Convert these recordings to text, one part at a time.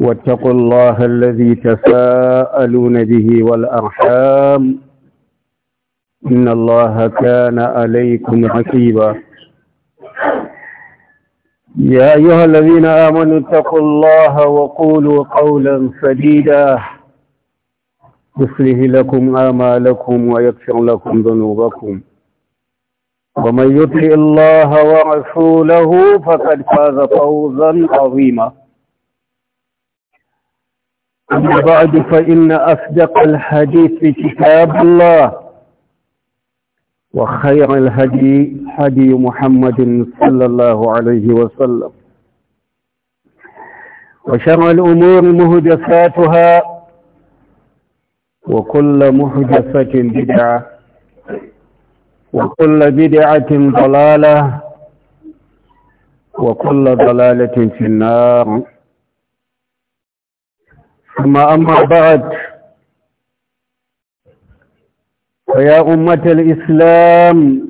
واتقوا الله الذي تساءلون به والأرحام إن الله كان عليكم حسيبا يا أيها الذين آمنوا اتقوا الله وقولوا قولا سديدا يصلح لكم آمالكم ويكفر لكم ذنوبكم ومن يطع الله ورسوله فقد فاز فوزا عظيما أما بعد فإن أصدق الحديث كتاب الله وخير الهدي هدي محمد صلى الله عليه وسلم وشر الأمور مهدساتها وكل مهدسة بدعة وكل بدعة ضلالة وكل ضلالة في النار ثم أما بعد فيا أمة الإسلام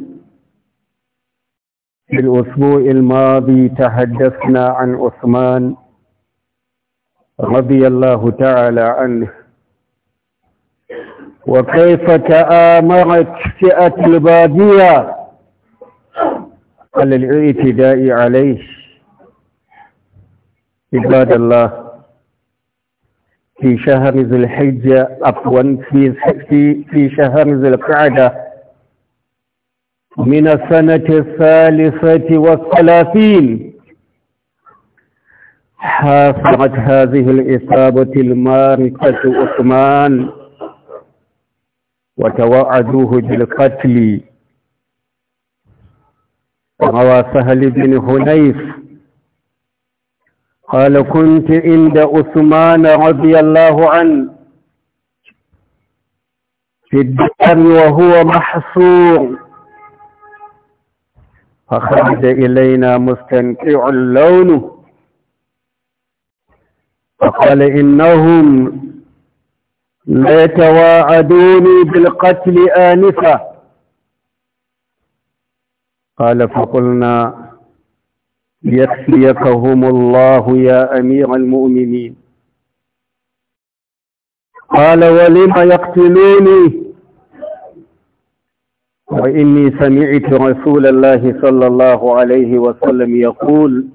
في الأسبوع الماضي تحدثنا عن عثمان رضي الله تعالى عنه وكيف تآمرت فئة البادية على الاعتداء عليه عباد الله في شهر ذي الحجة عفوا في في في شهر ذي القعدة من السنة الثالثة والثلاثين حاصرت هذه الإصابة الماركة عثمان وتوعدوه بالقتل روى سهل بن هنيف قال كنت عند عثمان رضي الله عنه في الدار وهو محصور فخرج إلينا مستنقع اللون فقال إنهم لا يتواعدوني بالقتل آنفة قال فقلنا يكفيكهم الله يا أمير المؤمنين قال ولم يقتلوني وإني سمعت رسول الله صلى الله عليه وسلم يقول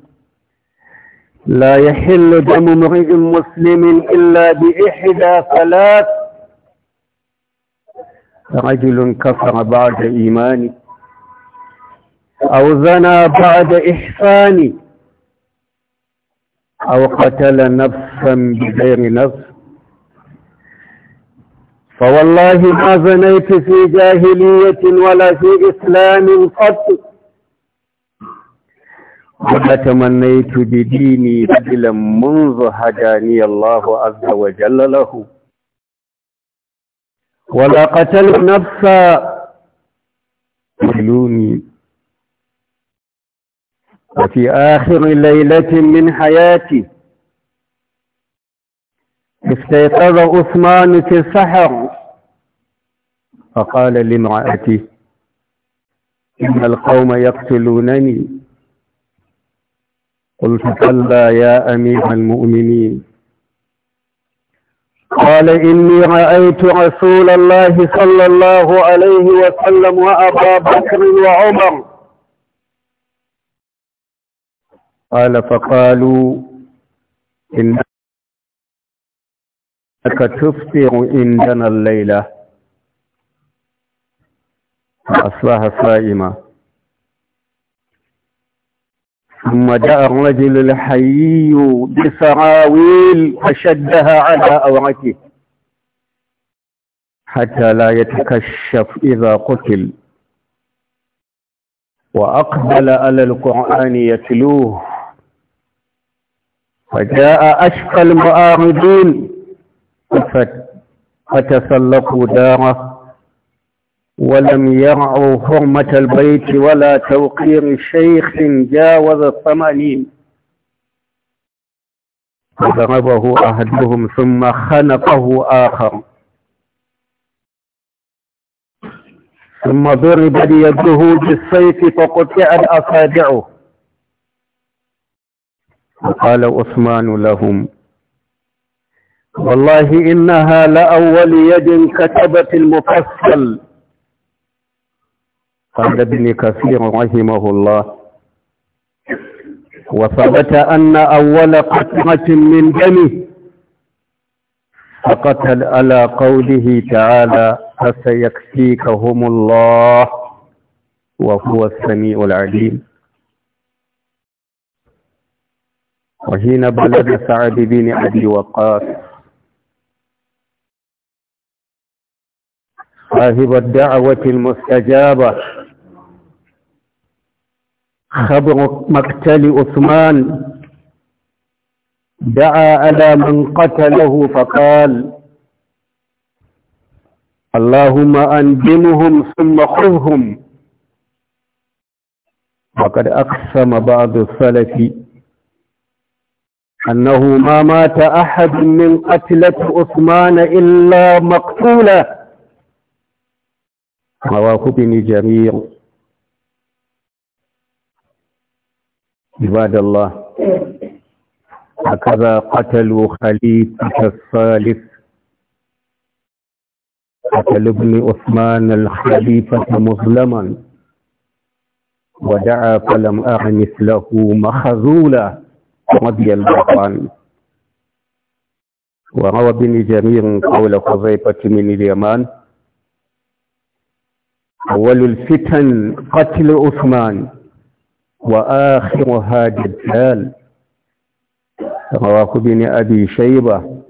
لا يحل دم امرئ مسلم إلا بإحدى ثلاث رجل كفر بعد إيمانه أو زنى بعد إحسان أو قتل نفسا بغير نفس فوالله ما زنيت في جاهلية ولا في إسلام قط ولا تمنيت بديني رجلا منذ هداني الله عز وجل له ولا قتلت نفسا قتلوني وفي آخر ليلة من حياته استيقظ عثمان في السحر فقال لامرأته إن القوم يقتلونني قلت كلا يا أمير المؤمنين قال إني رأيت رسول الله صلى الله عليه وسلم وأبا بكر وعمر قال فقالوا إنك تفطر عندنا الليلة فأصبح صائما ثم جاء الرجل الحي بسراويل فشدها على أورته حتى لا يتكشف إذا قتل وأقبل على القرآن يتلوه فجاء أشقى المعارضين فتسلقوا داره ولم يرعوا حرمة البيت ولا توقير شيخ جاوز الثمانين فضربه أحدهم ثم خنقه آخر ثم ضرب بيده بالسيف فقطعت أصابعه فقال عثمان لهم والله إنها لأول يد كتبت المفصل قال ابن كثير رحمه الله وثبت أن أول قطرة من دمه فقتل على قوله تعالى فسيكفيكهم الله وهو السميع العليم وحين بلغ سعد بن أبي وقاص صاحب الدعوة المستجابة خبر مقتل عثمان دعا على من قتله فقال اللهم أنجمهم ثم خذهم وقد أقسم بعض السلف أنه ما مات أحد من قتلة عثمان إلا مقتولا رواه ابن جرير عباد الله هكذا قتلوا خليفة الثالث قتل ابن عثمان الخليفة مظلما ودعا فلم أغنس له مخذولا رضي الله عنه وروى بن جرير قول خزيفة من اليمان أول الفتن قتل عثمان وآخرها جدال رواه بن أبي شيبة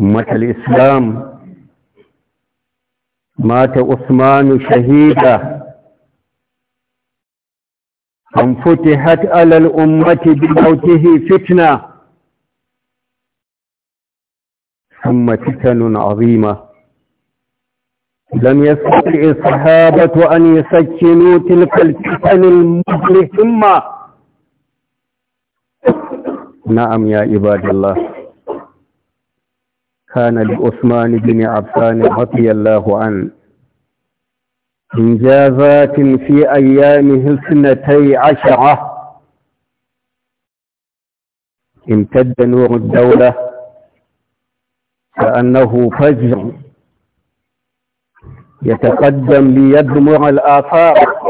أمة الإسلام مات عثمان شهيدا أن فتحت على الأمة بموته فتنة ثم فتن عظيمة لم يستطع الصحابة أن يسكنوا تلك الفتن المظلمة نعم يا عباد الله كان لعثمان بن عفان رضي الله عنه إنجازات في أيامه السنتي عشرة امتد نور الدولة كأنه فجر يتقدم ليدمر الآفاق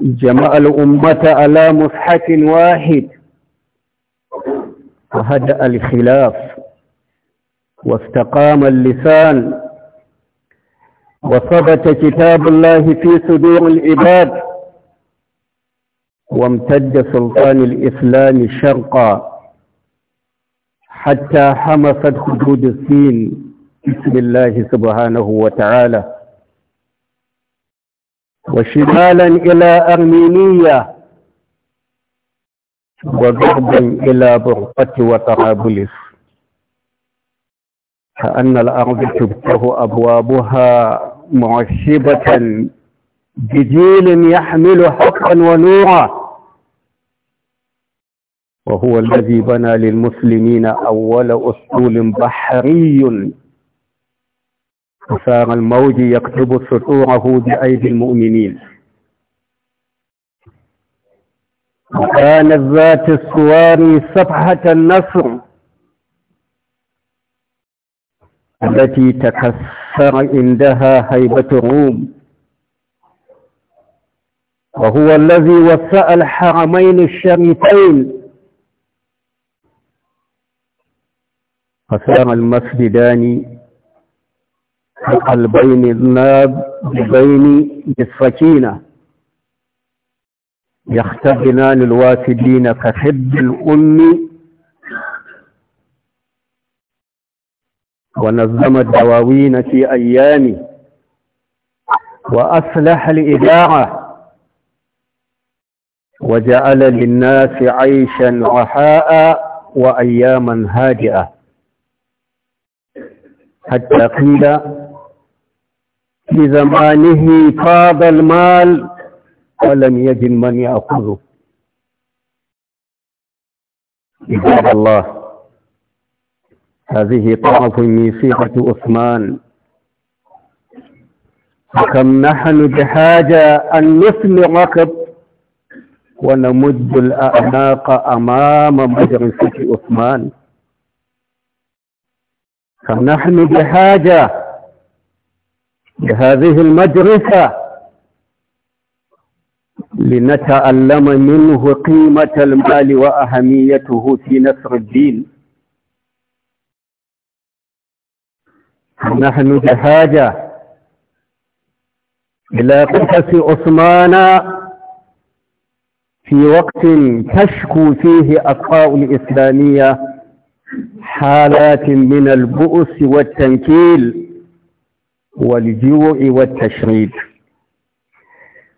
جمع الأمة على مصحة واحد وهدأ الخلاف واستقام اللسان وثبت كتاب الله في صدور العباد وامتد سلطان الإسلام شرقا حتى حمست حدود الصين بسم الله سبحانه وتعالى وشمالا إلى أرمينية وغربا إلى برقة وطرابلس كأن الأرض تبته أبوابها معشبة بجيل يحمل حقا ونورا وهو الذي بنى للمسلمين أول أسطول بحري وصار الموج يكتب سطوره بأيدي المؤمنين وكان الذات السواري صفحة النصر التي تكسر عندها هيبة الروم وهو الذي وسع الحرمين الشريفين فسار المسجدان القلبين الناب بين السكينة يختبنان الوافدين كحب الأم ونظم الدواوين في أيامه وأصلح الإذاعة وجعل للناس عيشا رحاء وأياما هادئة حتى قيل في زمانه فاض المال ولم يجد من يأخذه إذا الله هذه طرف من عثمان فكم نحن بحاجة أن نسمع قط ونمد الأعناق أمام مدرسة عثمان فنحن بحاجة لهذه المدرسة لنتعلم منه قيمة المال وأهميته في نصر الدين نحن بحاجة إلى قصص عثمان في وقت تشكو فيه أطفاء الإسلامية حالات من البؤس والتنكيل والجوع والتشريد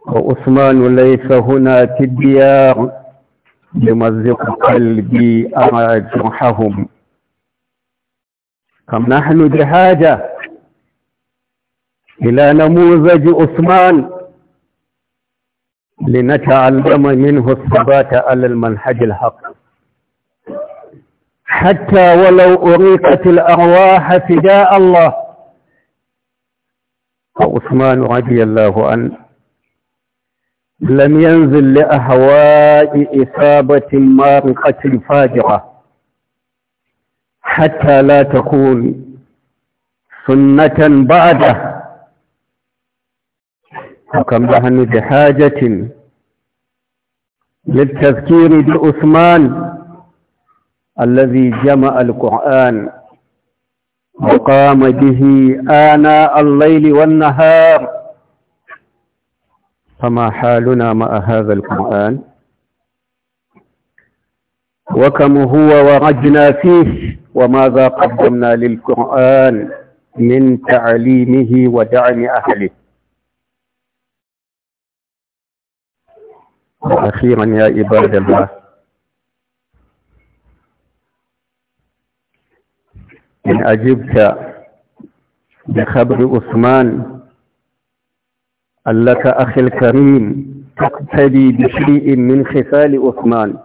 وعثمان ليس هنا في الديار يمزق قلبي أرى جرحهم كم نحن بحاجة إلى نموذج عثمان لنتعلم منه الثبات على المنهج الحق حتى ولو أريقت الأرواح فداء الله فعثمان رضي الله عنه لم ينزل لأهواء إصابة مارقة فاجرة حتى لا تكون سنة بعده بهن بحاجة للتذكير بأثمان الذي جمع القرآن وقام به آناء الليل والنهار فما حالنا مع هذا القرآن وكم هو ورجنا فيه وماذا قدمنا للقرآن من تعليمه ودعم أهله أخيرا يا عباد الله إن أجبت بخبر عثمان أن لك أخي الكريم تقتدي بشيء من خصال عثمان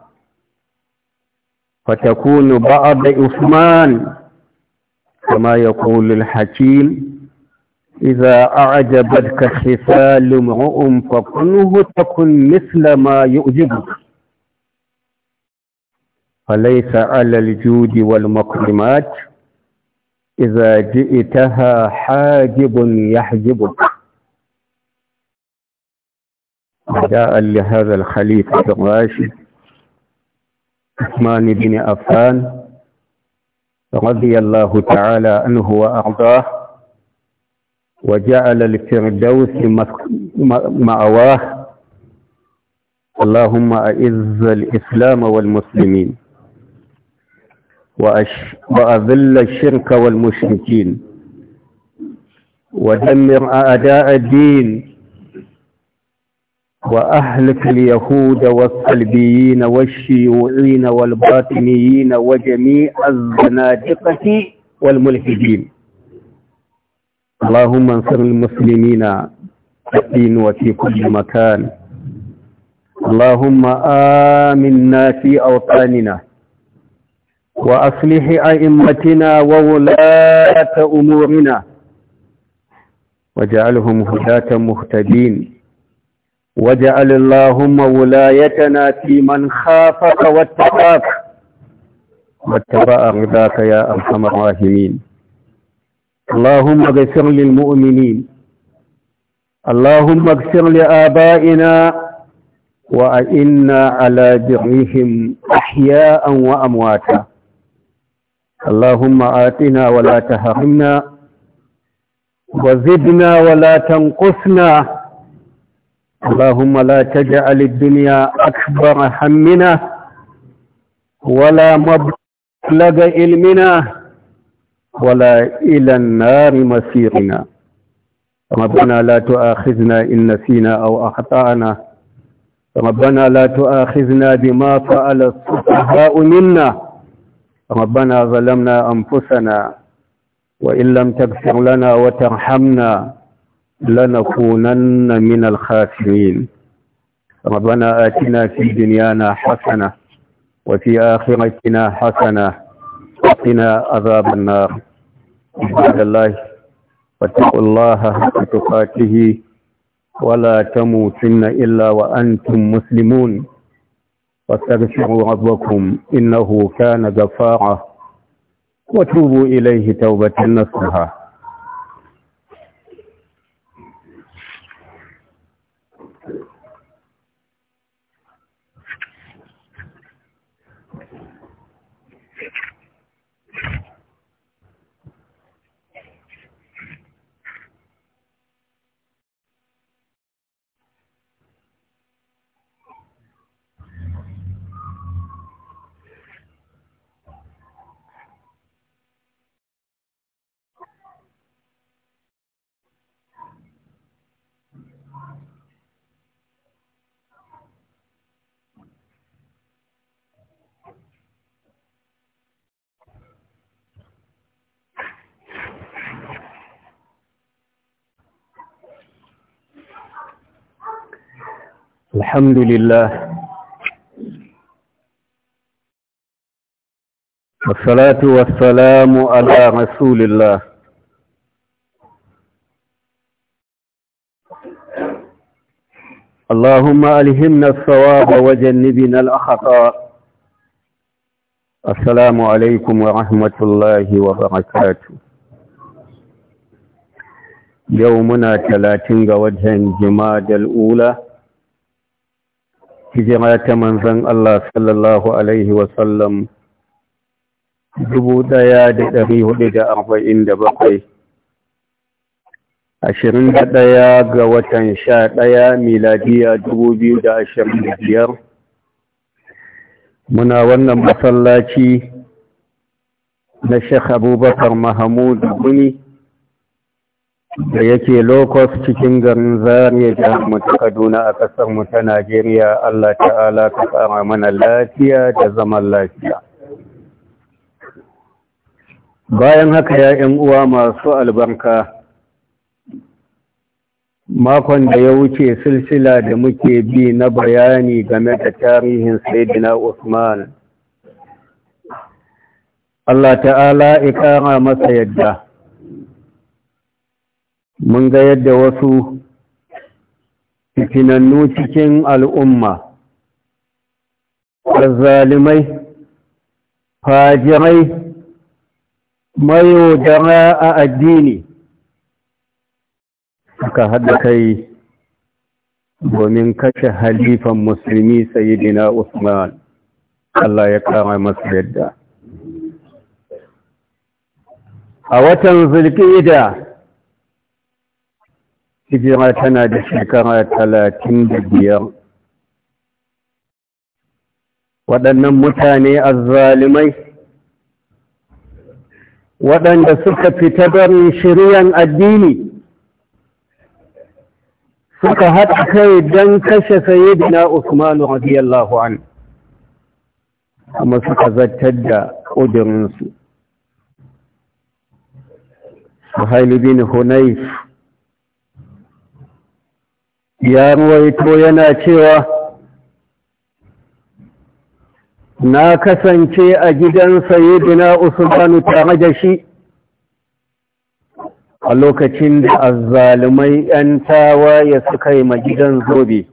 فتكون بعد عثمان كما يقول الحكيم إذا أعجبتك خصال امرؤ فكنه تكن مثل ما يعجبك فليس على الجود والمكرمات إذا جئتها حاجب يحجبك جاء لهذا الخليفة الراشد عثمان بن عفان رضي الله تعالى عنه وأرضاه وجعل الفردوس مأواه اللهم أعز الإسلام والمسلمين وأذل الشرك والمشركين ودمر أعداء الدين وأهلك اليهود والسلبيين والشيوعين والباطنيين وجميع الزنادقة والملحدين اللهم انصر المسلمين الدين وفي كل مكان اللهم آمنا في أوطاننا وأصلح أئمتنا وولاة أمورنا وجعلهم هداة مهتدين واجعل اللهم ولايتنا في من خافك واتقاك واتبع رضاك يا ارحم الراحمين اللهم اغفر للمؤمنين اللهم اغفر لآبائنا وأئنا على برهم أحياء وأمواتا اللهم آتنا ولا تهرمنا وزدنا ولا تنقصنا اللهم لا تجعل الدنيا أكبر همنا ولا مبلغ علمنا ولا إلى النار مسيرنا ربنا لا تؤاخذنا إن نسينا أو أخطأنا ربنا لا تؤاخذنا بما فعل السفهاء منا ربنا ظلمنا أنفسنا وإن لم تغفر لنا وترحمنا لنكونن من الخاسرين ربنا آتنا في دنيانا حسنة وفي آخرتنا حسنة وقنا عذاب النار عباد الله واتقوا الله حق تقاته ولا تموتن إلا وأنتم مسلمون واستغفروا ربكم إنه كان غفارا وتوبوا إليه توبة نصحا الحمد لله والصلاة والسلام على رسول الله اللهم ألهمنا الصواب وجنبنا الأخطاء السلام عليكم ورحمة الله وبركاته يومنا ثلاثين وجه جماد الأولى hijira ta manzan Allah sallallahu Alaihi wasallam Ashirin da ɗaya ga watan sha ɗaya miladiya biyar. muna wannan masallaci na Sheikh Abubakar Mahmud Guni da yake lokos cikin garin zariya jihar Mutu kaduna a ƙasar mu ta najeriya allah ta'ala ka kama mana lafiya da zaman lafiya bayan haka ya 'yan uwa masu albarka makon da ya wuce silsila da muke bi na bayani game da tarihin saidina usman allah ta'ala kara masa yadda mun ga yadda wasu fitinannu cikin al'umma zalimai fajirai mayodara a addini suka haɗa kai domin kashe halifan musulmi sayidina usman Allah ya kama masu yadda a watan zulkida hijira tana da shekara talatin da biyar waɗannan mutane azzalimai waɗanda suka fita barin shiryan addini suka haɗa kai don kashe na usmanu radiyallahu an kuma suka zartar da ƙudurinsu suhaili bin hunayf ya ruwaito yana cewa na kasance a gidan sayidina usmanu tare da shi a lokacin da azzalumai 'yantawa tawaye suka yi ma gidan zobe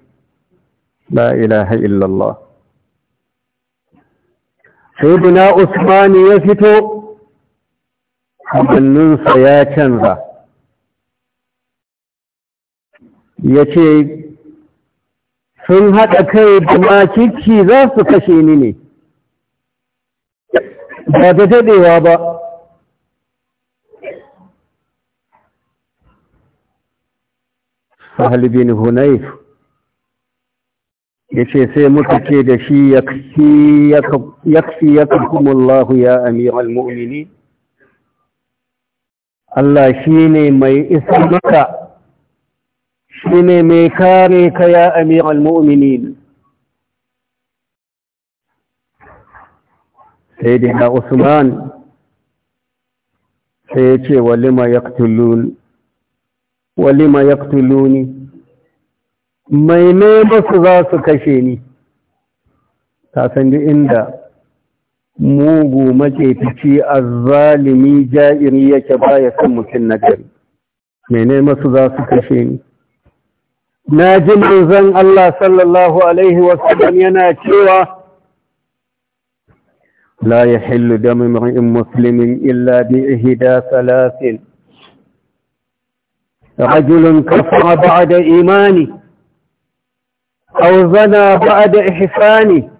la ilaha illallah sayidina usmanu ya fito hannunsa ya canza ya ce sun haɗa kai da makici za su kashe ni ne ba da daɗewa ba sahal bin hunayf ya ce sai muka ce da shi kafi ya kakumullahu ya amir al-mu'mini Allah shi ne mai isa maka shi ne mai kare ka ya amir al-mu'minin sai usman sai ya ce walima yaktulun mai nema su za su kashe ni ta san inda mugu maƙetaci a zalimi ja'iri yake baya kan mutum na gari mene masu za su kashe ni ناجم ji manzon Allah sallallahu alaihi wasallam yana cewa لا يحل دم امرئ مسلم إلا بإهدى ثلاث رجل كفر بعد ايماني أو زنى بعد احساني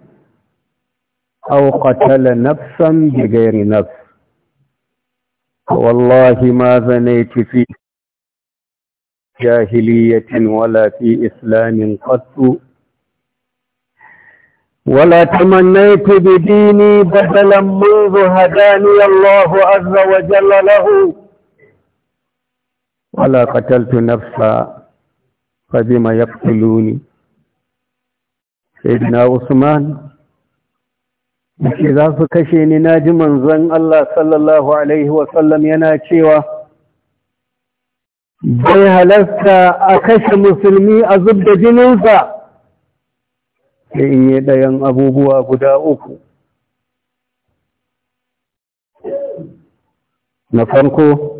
أو قتل نفسا بغير نفس والله ما زنيت في jahiliyatin wala fi islamin qattu wala tamannaytu bi dini badalan min hadani Allah azza wa jalla lahu wala qataltu nafsa fadima yaqtuluni sayyidina usman idan su kashe ni na ji manzon Allah sallallahu yana cewa bai halarta a kashe musulmi a zub da jininsa da in ɗayan abubuwa guda uku na farko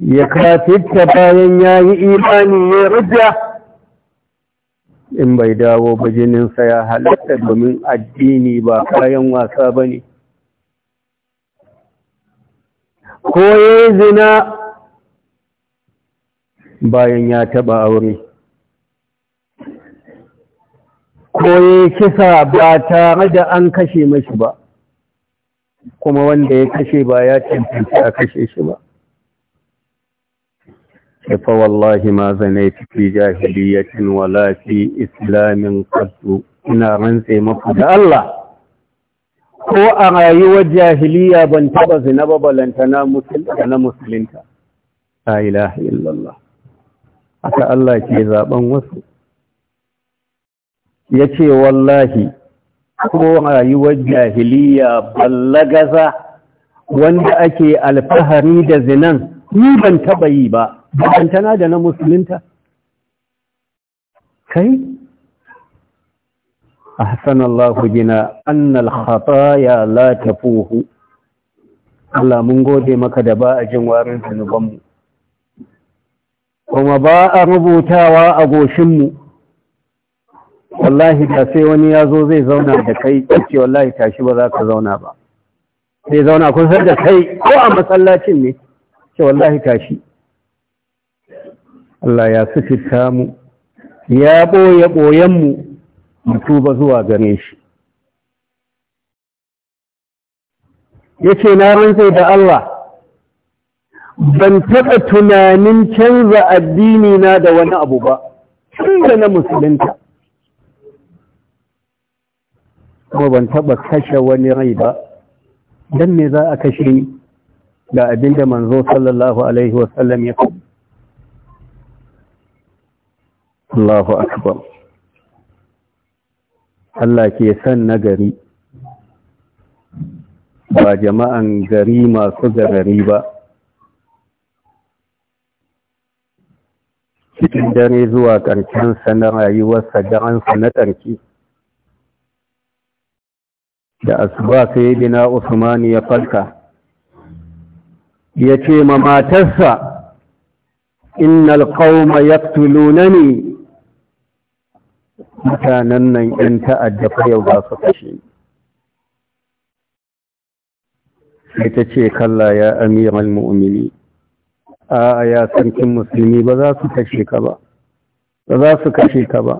ya kafita bayan ya yi imani ya rujja in bai dawo ba jininsa ya halatta domin addini ba kayan wasa ba ne ko ya zina bayan ya taba aure ko ya kisa ba tare da an kashe mashi ba kuma wanda ya kashe ba ya cancanci a kashe shi ba fa wallahi ma ciki fi ya wala fi islamin kasu ina rantse maku da Allah ko a rayuwar jahiliya ban taba zina ba balanta musulunta na musulunta la ilaha illallah aka Allah ke zaben wasu ya ce wallahi ko rayuwar jahiliya ballagaza wanda ake alfahari da zinan ni ban taba yi ba bantana da na musulunta kai ahsan Allah gina annal khataya la tafuhu Allah mun gode maka da ba a jin warin zunubanmu kuma ba a rubutawa a goshinmu wallahi da sai wani ya zo zai zauna da kai ce wallahi tashi ba za ka zauna ba sai zauna kusa da kai ko a masallacin ne ce wallahi tashi Allah ya sufitta mu ya ɓoye ɓoyenmu mutu ba zuwa gare shi ya ce na rantsai da Allah ban taɓa tunanin canza addini na da wani abu ba tun da na musulunta kuma ban taɓa kashe wani rai ba don me za a kashe ni da abinda manzo sallallahu alaihi wasallam ya kuma Allahu akbar Allah ke san nagari ba jama'an gari masu garari ba cikin dare zuwa ƙarshensa na rayuwarsa daransa na ƙarshe da asuba sai bina Usman ya farka ya ce ma matarsa innal qauma ne? mutanen nan in ta'adda yau za su kashe ni sai ta ce kalla ya amiral mu'mini a ya sarkin musulmi ba za su kashe ka ba ba za su kashe ka ba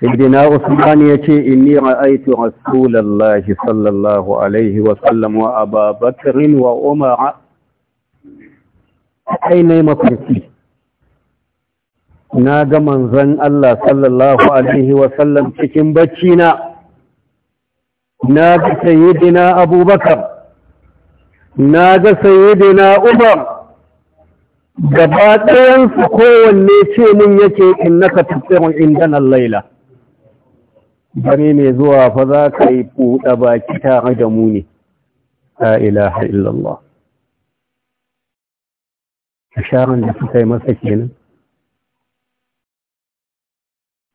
sayyidina usman ya ce inni ra'aytu rasulallahi sallallahu alaihi wa sallam wa ababakr wa umar ne mafarki na ga manzon Allah sallallahu alaihi wa sallam cikin bacci na na ga sayyidina abubakar na ga sayyidina umar gaba ɗayansu kowanne ce min yake innaka tafsirun indanan laila bane mai zuwa fa za ka yi buɗe baki tare da mu ne A ilaha illallah asharan da suka yi masa kenan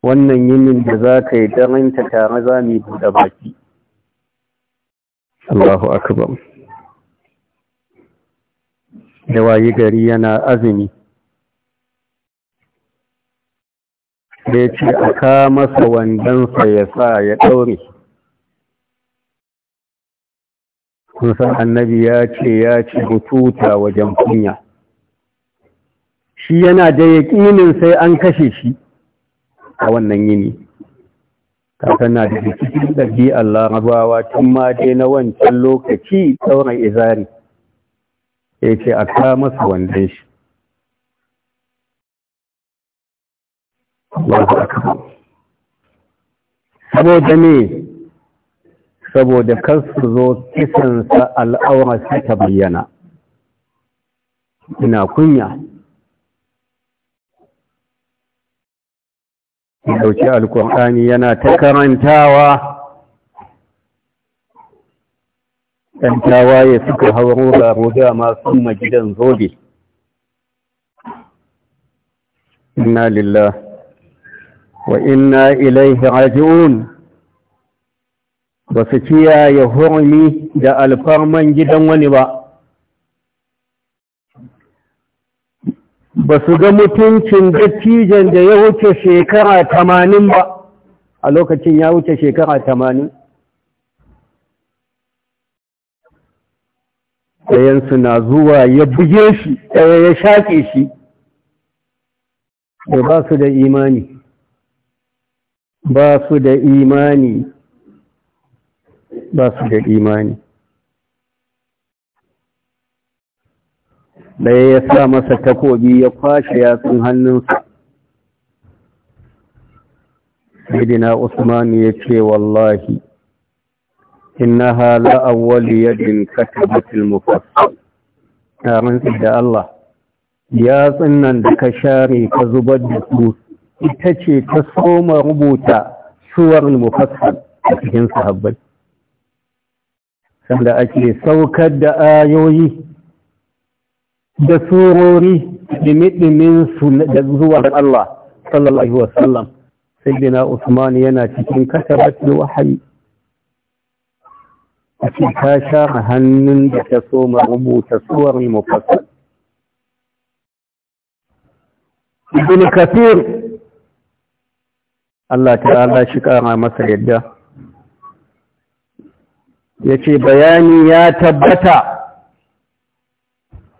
wannan yinin da za ka yi daranta tare za mu yi buɗe baki Allahu akbar Yawayi wayi gari yana azumi da ya ce a ka masa wandonsa ya sa ya ɗaure kusa annabi ya ce ya ci bututa wajen kunya shi yana da yaƙinin sai an kashe shi a wannan yini na da cikin ɗabi larabawa Larabawa tun ma dai na wancan lokaci ɗaurin izari ya ce a kawo masa wandon shi saboda ne saboda kar su zo kisansa al'awar su ta bayyana ina kunya dauki alkur'ani yana ta karantawa ɗan tawaye suka hauro da masu sun magidan zobe inna lillah wa inna ilaihi raji'un ba su kiyaye hurmi da alfarman gidan wani ba ba su ga mutuncin dattijan da ya wuce shekara tamanin ba a lokacin ya wuce shekara tamanin ɗayansu na zuwa ya buge shi ɗaya ya shaƙe shi da ba su da imani ba su da imani ba su da imani ɗaya ya sa masa takobi ya kwashe yatsun hannunsa sai usman ya ce wallahi إنها لأول يد كتبت المفصل أرن da الله يا صنن كشاري كزبد سوس إتشي كسوم ربوتا سور المفصل أتكين صحبي sanda ake saukar da ayoyi da surori dimi-dimin da zuwa Allah sallallahu Alaihi wasallam sai dina Usman yana cikin katabatul wahayi a ce share hannun da ta so ma rubuta suwar mufassal ibn kafir Allah ta'ala shi kara masa yadda yace bayani ya tabbata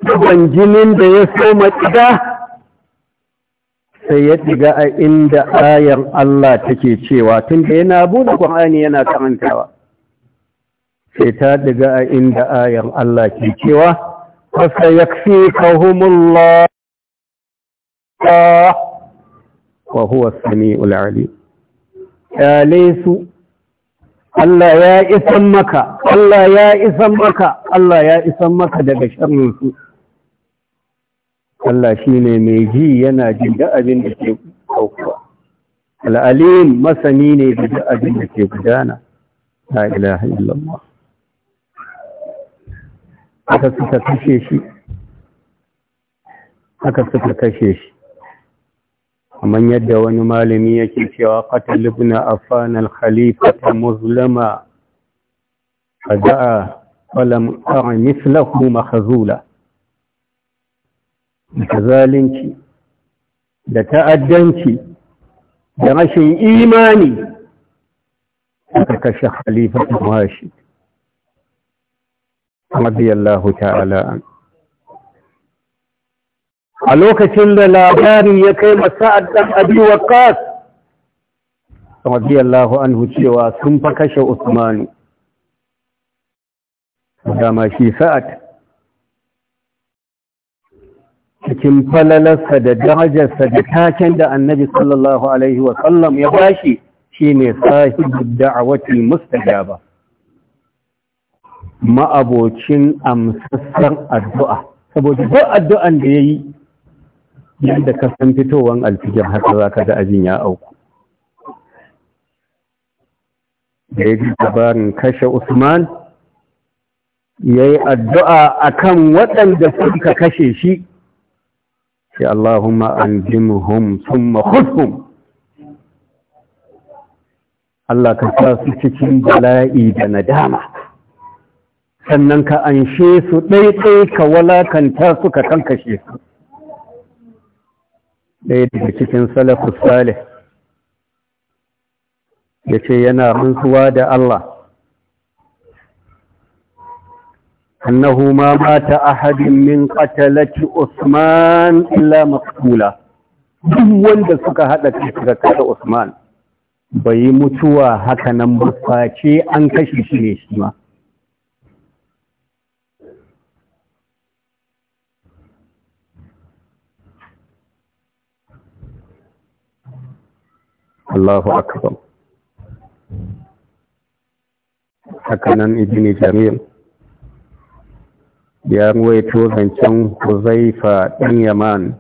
duban jinin da ya soma ƙida sai ya ɗiga a inda ayar Allah take cewa tun da yana buɗe ƙwa'ani yana karantawa sai ta daga a inda ayan Allah ke cewa fasa ya fi kahumullah wa huwa sami ul'ali ƙyale su Allah ya isan maka Allah ya isan maka Allah ya isan maka daga sharrinsu Allah shi ne mai ji yana jin da abin da ke aukuwa al'alim masani ne da abin da ke gudana la ilaha illallah aka suka kashe shi aka suka kashe shi yadda wani malami yake cewa qatal ibn affan al khalifa muzlama fada'a falam ara mithlahu makhzula da zalunci da ta'addanci da rashin imani aka kashe khalifatan washid radiyallahu ta'ala a lokacin da labari ya kai masa'ad dan abi waqas radiyallahu anhu cewa sun fa kashe Usman dama shi sa'ad cikin falalarsa da darajarsa da taken da annabi sallallahu alaihi wasallam ya bashi Shi shine sahibud da'awati mustajaba ma'abocin amsassan addu'a saboda duk addu'an da ya yi yadda ka san fitowar alfijar haka za ka da abin ya auku da ya fi kashe usman ya yi addu'a a kan waɗanda suka kashe shi sai Allahumma an jimuhum sun mahudhum Allah ka sa su cikin bala'i da nadama sannan ka anshe su ɗaiɗai ka walakanta su ka kankashe su ɗaya daga cikin salafus salih ya ce yana rantsuwa da Allah annahu ma mata ahadin min ƙatalaci Usman illa maqtula duk wanda suka haɗa kai suka Usman bai mutuwa haka nan ba face an kashe shi ne shi ma الله أكبر حكنا إبن جميل يا يان ويتو زنشن حزيفة إن يمان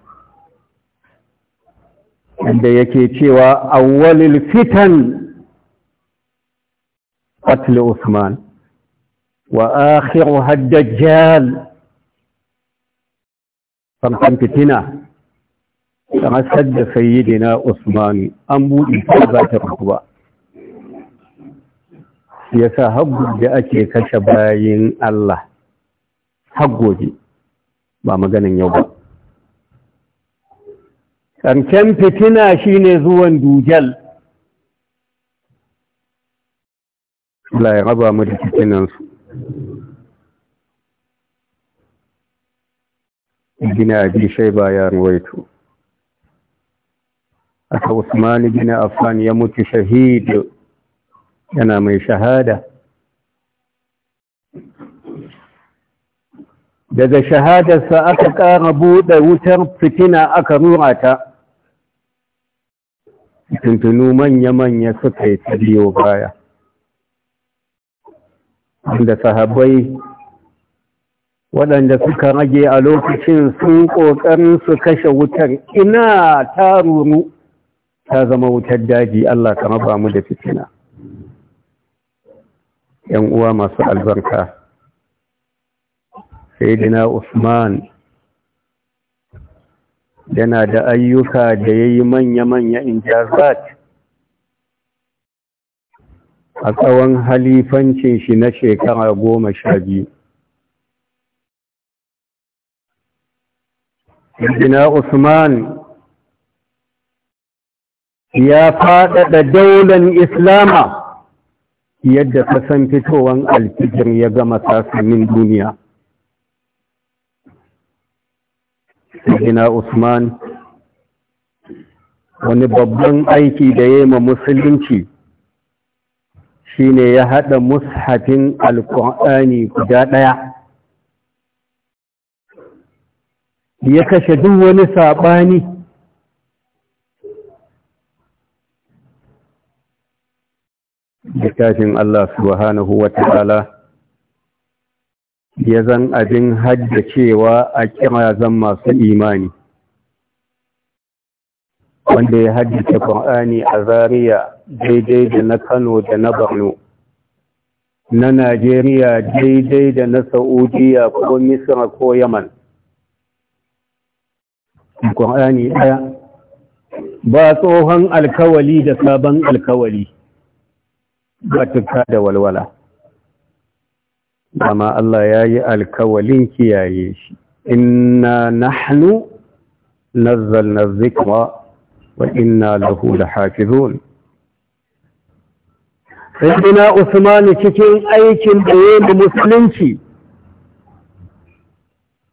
عند يكي تيوى أول الفتن قتل عثمان وآخرها الدجال فنحن فتنه rasar da sayyidina Usman an buɗe ta ba ta ba ya sa haggu da ake kashe bayan Allah haggoji ba maganin yau ba Ƙarken fitina shi ne zuwan dujal Allah ya raba mu da fitinansu gina bi shai ba ya ruwaito aka Usman bin Affan ya mutu shahid yana mai shahada daga shahadarsa aka ƙara buɗe wutar fitina aka rura ta tuntunu manya-manya suka yi ta biyo baya wanda sahabbai waɗanda suka rage a lokacin sun ƙoƙarin su kashe wutar ina ta ruru ta zama wutar daji Allah ka raba mu da fitina yan uwa masu albarka sayyidina Usman yana da ayyuka da yayi manya-manya injazat a tsawon halifancin shi na shekara goma sha biyu sayyidina Usman ya faɗaɗa daular islama yadda ta san fitowar alfijir ya gama sasannin duniya Sayyidina usman wani babban aiki da ya ma musulunci ne ya haɗa mushafin alƙwa'ani guda ɗaya ya kashe duk wani saɓani littafin Allah subhanahu wa ta'ala ya zan abin cewa a kirazan masu imani wanda ya ta ƙwa'ani a Zariya, daidai da na Kano da na Borno na Najeriya daidai da na Saudiya ko Misira ko Yaman ƙwa'ani ɗaya ba tsohon alkawali da sabon alkawali ba da walwala amma Allah ya yi alkawalin kiyaye shi inna nahnu nazzalna dhikra wa inna lahu lahafizun sayyidina Usmanu cikin aikin da yayin musulunci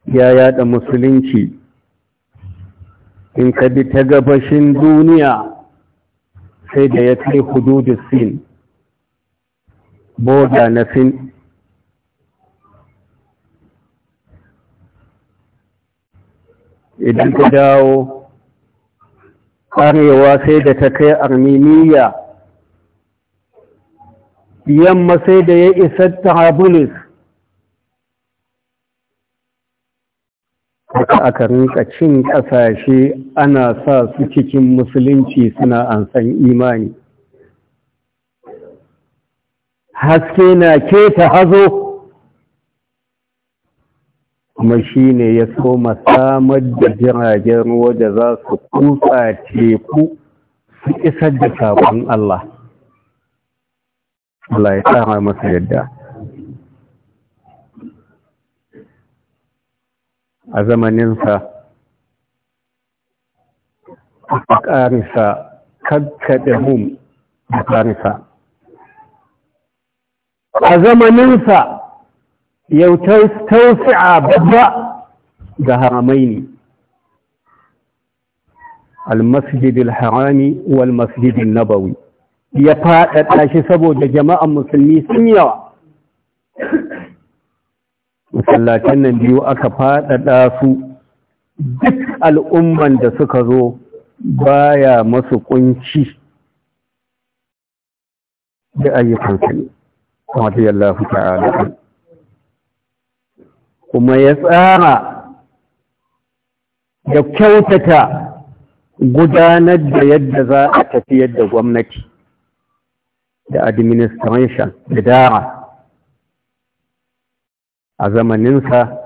ya yada musulunci in ka bi ta gabashin duniya sai da ya kai hududus sin boda na fin idan ka dawo arewa sai da ta kai armeniya yamma sai da ya isa tahabulis a aka cin ƙasashe ana sa su cikin musulunci suna ansan imani haske na keta hazo kuma shi ne ya soma samar da jiragen ruwa da za su kusa teku su isar da saƙon Allah Allah ya tsara masa yadda a zamaninsa a ƙarisa kakkaɗe hum a ƙarisa a zamaninsa yau tausi'a babba ga haramai ne almasjidil harami wal nabawi ya faɗaɗa shi saboda jama'an musulmi sun yawa musallatan nan biyu aka faɗaɗa su duk al'umman da suka zo baya masu kunci da ayyukansu ne radiyallahu ta'ala kuma ya tsara da kyautata gudanar da yadda za a tafiyar da gwamnati da administration da dara a zamaninsa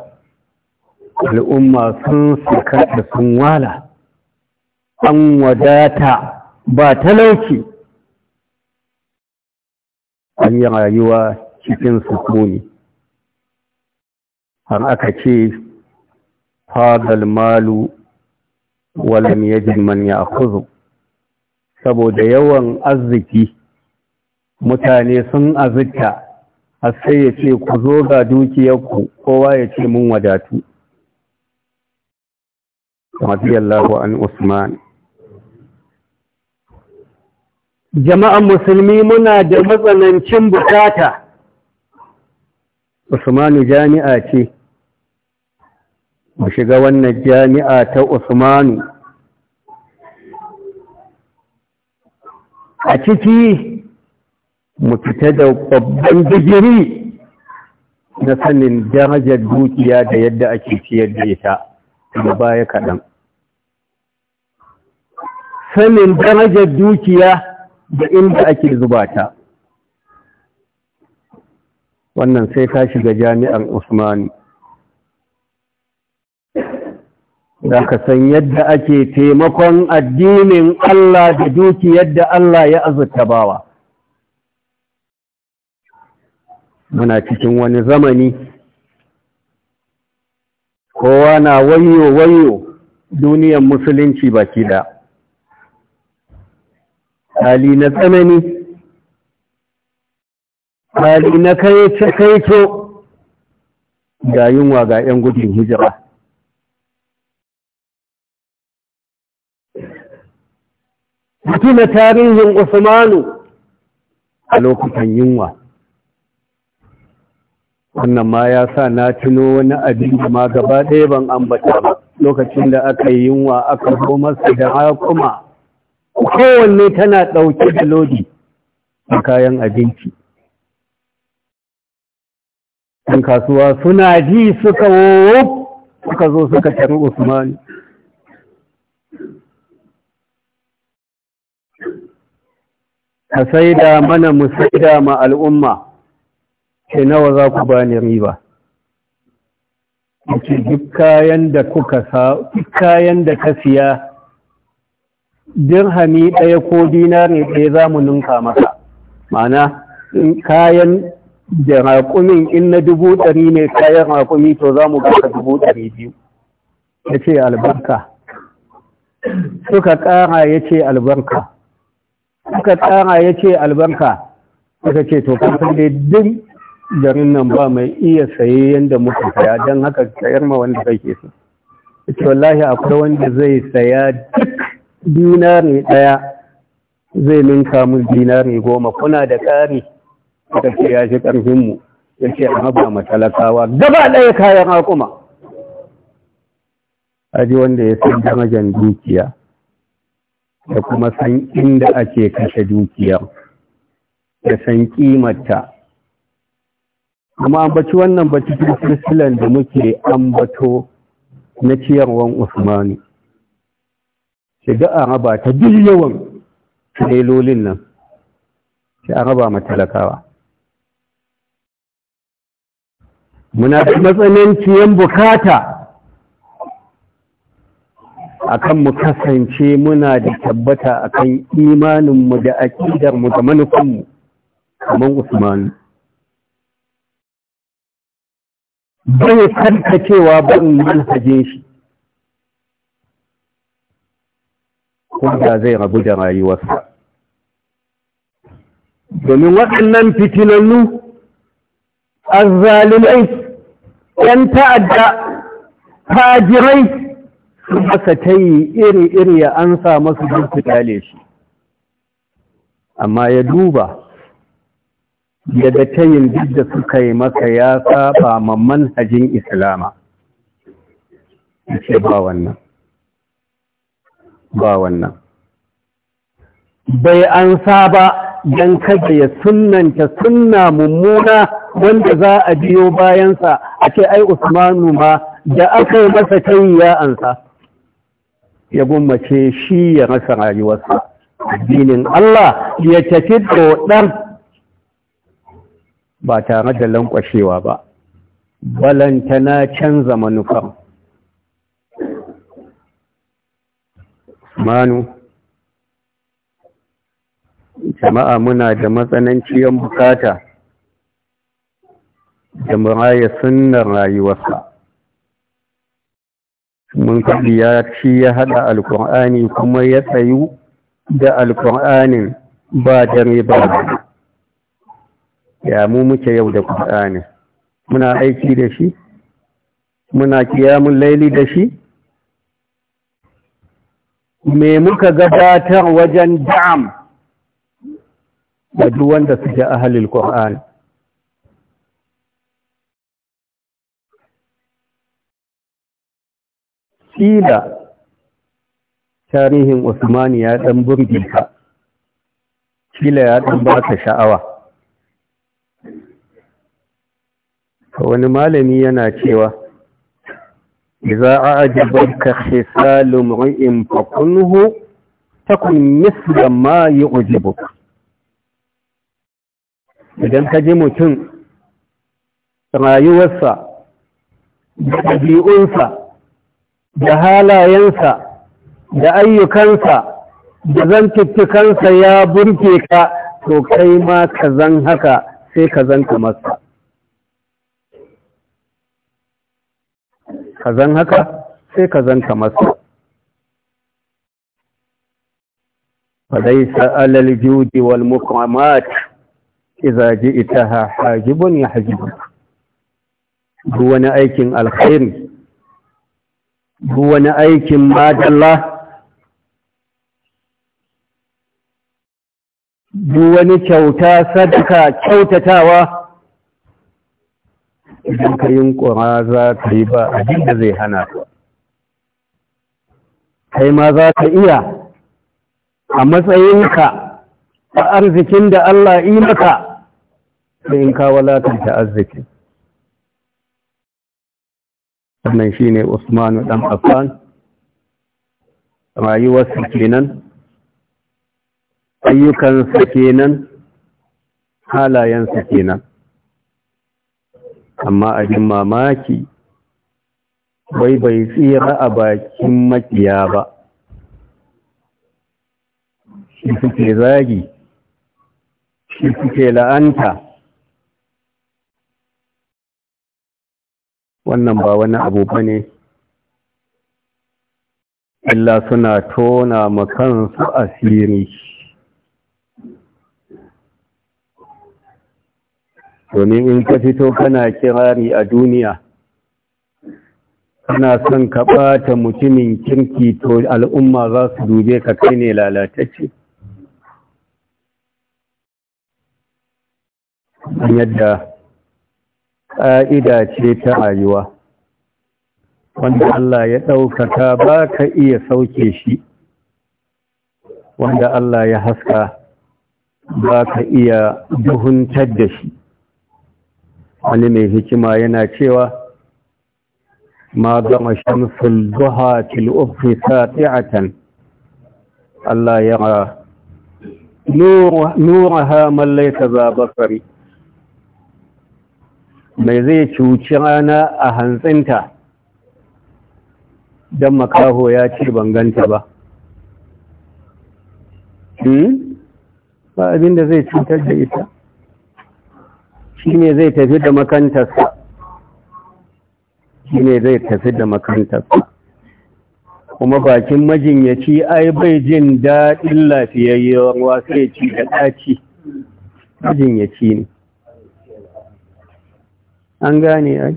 al'umma sun suka da sun wala an wadata ba talauci an yi rayuwa cikin sukuni har aka ce fadal malu walam yajid man kuzo. saboda yawan arziki mutane sun azurta har sai ya ce ku zo ga dukiyarku kowa ya ce mun wadatu radiyallahu an usman jama'an musulmi muna da matsanancin bukata usmanu jami'a ce mu shiga wannan jami'a ta usmanu a ciki mu fita da babban digiri na sanin darajar dukiya da yadda ake ciyar da ita da baya kaɗan sanin darajar dukiya da inda ake zuba ta wannan sai ta shiga jami'an usmani da ka san yadda ake taimakon addinin Allah da duki yadda Allah ya azurta bawa muna cikin wani zamani kowa na wayo wayo duniyan musulunci baki da hali na tsanani hali na kaito ga yunwa ga 'yan gudun hijira tuna tarihin usmanu a lokutan yunwa wannan ma ya sa na tuno wani abin da ma gaba ɗaya ban ambata ba lokacin da aka yi yunwa aka zo masa da hakuma kowanne tana ɗauke da lodi a kayan abinci ɗan kasuwa suna ji suka wowo suka zo suka taru Usman. ka sai da mana mu da ma al'umma ke nawa za ku ba ni riba duk kayan da kayan da ka siya dirhami ɗaya ko dinari ɗaya za mu ninka masa ma'ana kayan da raƙumin in na dubu ɗari ne kayan raƙumi to za mu gasa dubu ɗari biyu ya ce albarka suka ƙara ya ce albarka suka ƙara ya ce albarka suka ce to kusan dai duk garin nan ba mai iya saye yadda muka saya don haka sayar ma wanda kake so Ita wallahi akwai wanda zai saya duk dinari ɗaya zai ninka mun dinari goma kuna da ƙari ta ce ya shi ƙarfinmu ya ce a haɓa matalakawa gaba ɗaya kayan hakuma aji wanda ya san damajan dukiya da kuma san inda ake kashe dukiyar da san kimarta amma ambaci wannan bacci cikin silsilan da muke ambato na ciyarwan usmani shiga a raba ta duk yawan nan sai a raba ma talakawa muna da matsananciyar bukata akan mu kasance muna da tabbata akan imaninmu da aƙidarmu da manufanmu kamar Usman. bai karkacewa ban manhajin shi Wanda zai rabu da rayuwarsa domin waɗannan fitinannu azzalimai ‘yan ta'adda hajirai su aka ta yi iri-iri ya an sa masu jinsu kyale shi amma ya duba yadda ta yin duk da suka yi masa ya saba mamman hajjin islama ce ba wannan ba wannan bai an ba don kada ya sunanta sunna mummuna wanda za a biyo bayansa a ce ai usmanu ma da aka yi masa tayi ya ansa ya gummace shi ya rasa rayuwarsa addinin Allah ya tafi ɗoɗar ba tare da lankwashewa ba balantana canza manufar manu jama'a muna da matsananciyar bukata da muraya sunnar rayuwarsa mun kaɗi ya ci ya haɗa alkur'ani kuma ya tsayu da alkur'anin ba dare ba ya mu muke yau da kur'anin muna aiki da shi muna kiyamun laili da shi me muka gabatar wajen da'am da duk wanda suke ahalil Qur'an kila tarihin Usmani ya dan burge ka kila ya dan baka sha'awa wani malami yana cewa إذا أعجبك خصال امرئ فكنه تكن مثل ما يعجبك idan ka ji mutum rayuwarsa da ɗabi'unsa da halayensa da ayyukansa da zantuttukansa ya burke ka to kai ma ka zan haka sai ka zan kamarsa Kazan haka sai ka zanta masa. Fadai sa’alal juji wal mukamat Izaji ita ha hajibun ya hajibun. wani aikin alkhairi, wani aikin madalla, wani kyauta sadaka kyautatawa. idan ka yunkura za ka yi ba abin da zai hana ka kai ma za ka iya a matsayinka a arzikin da Allah yi maka sai in ka walatanta arziki. sannan shi ne usmanu ɗan afan rayuwarsa kenan ayyukansa kenan halayensa kenan amma abin mamaki bai bai tsira a bakin makiya ba shi suke zagi shi suke la'anta wannan ba wani abu ba ne illa suna tona makansu asiri domin in ka fito kana kirari a duniya kana son ka ɓata mutumin kirki to al'umma za su dube ka kai ne lalatacce An yadda ƙa'ida ce ta rayuwa wanda Allah ya ɗaukaka ba ka iya sauke shi wanda Allah ya haska ba ka iya duhuntar da shi wani mai hikima yana cewa ma gama shamsul duha til ufi sati'atan Allah yara Nura man laysa za zabasari mai zai cuci rana a hantsinta don makaho ya ce banganta ba hmm? ba abinda zai cutar da ita shi ne zai tafi da makantarsa shi ne zai tafi da makantarsa kuma bakin majinyaci ai bai jin daɗin lafiyayyar wasu ya ci da ɗaci majinyaci ne an gane ai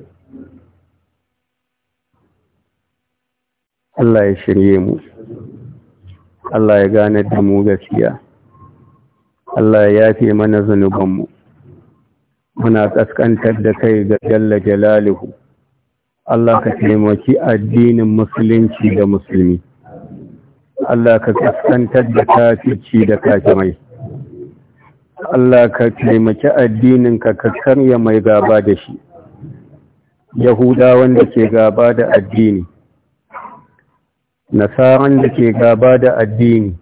Allah ya shirye mu Allah ya gane da mu gaskiya Allah ya yafe mana zunubanmu muna kaskantar da kai ga jalla jalalihu Allah ka taimaki addinin musulunci da musulmi Allah ka kaskantar da kafirci da kafirai Allah ka taimaki addinin ka ka karya mai gaba da shi Yahudawan da ke gaba da addini Nasaran da ke gaba da addini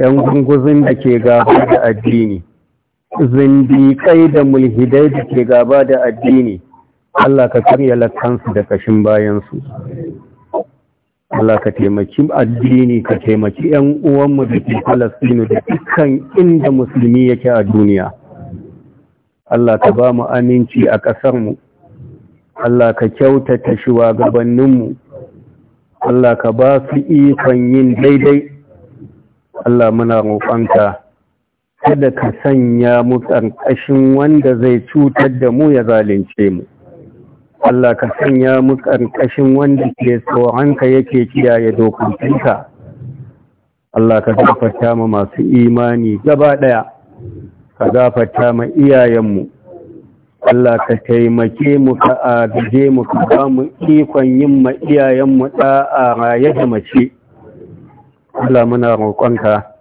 ‘yan gunguzin da ke gaba da addini’ zindiƙai da mulhidai da ke gaba da addini Allah ka karya lakansu da kashin bayansu Allah ka taimaki addini ka taimaki 'yan uwanmu da ke falasinu da dukkan inda musulmi yake a duniya Allah ka ba mu aminci a ƙasarmu Allah ka kyautata shugabanninmu Allah ka ba su ikon yin daidai Allah muna roƙonka kada ka sanya mu ƙarƙashin wanda zai cutar da mu ya zalunce mu Allah ka sanya mu ƙarƙashin wanda ke tsoronka yake kiyaye dokokinka Allah ka gafarta ma masu imani gaba ɗaya ka zafata ma iyayenmu Allah ka taimake mu ka adaje mu ka ba mu ikon yin ma iyayenmu a raye da mace Allah muna roƙonka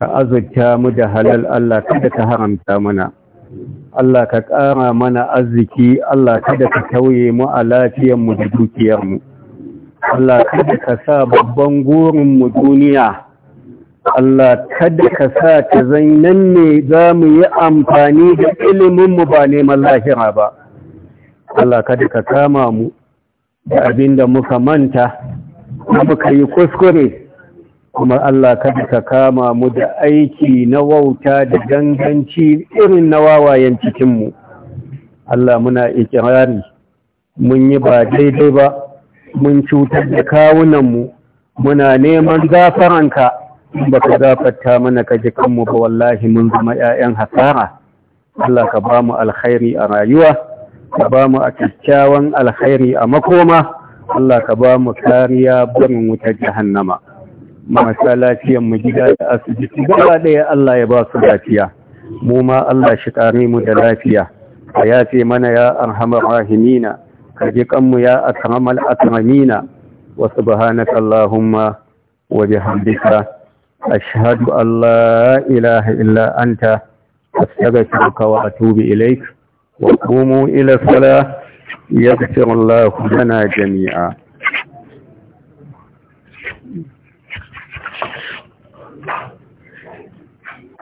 ka azurta mu da halal Allah kada ka haramta mana Allah ka ƙara mana arziki Allah kada ka tauye mu a lafiyarmu da dukiyarmu Allah kada ka sa babban gurinmu duniya Allah kada ka sa ta zainan ne za mu yi amfani da iliminmu ba neman lahira ba Allah kada ka kama mu da abin da muka manta muka yi kuskure kuma Allah kada ka kama mu da aiki na wauta da ganganci irin na wawayen cikinmu Allah muna ikirari mun yi ba daidai ba mun cutar da kawunanmu muna neman zafaranka ba ka gafarta mana ka ji kanmu ba wallahi mun zama 'ya'yan hasara Allah ka ba mu alkhairi a rayuwa ka ba mu a kyakkyawan alkhairi a makoma Allah ka ba mu kariya barin wutar jahannama marasa lafiyan mu gida da asibiti gaba ɗaya Allah ya ba su lafiya mu ma Allah shi kare mu da lafiya ka yafe mana ya arhamar rahimina ka ji kanmu ya akramal akramina wa subhanaka allahumma wa bihamdika ashhadu an la ilaha illa anta astaghfiruka wa atubu ilaik wa qumu ila salah yaghfir Allah lana jami'a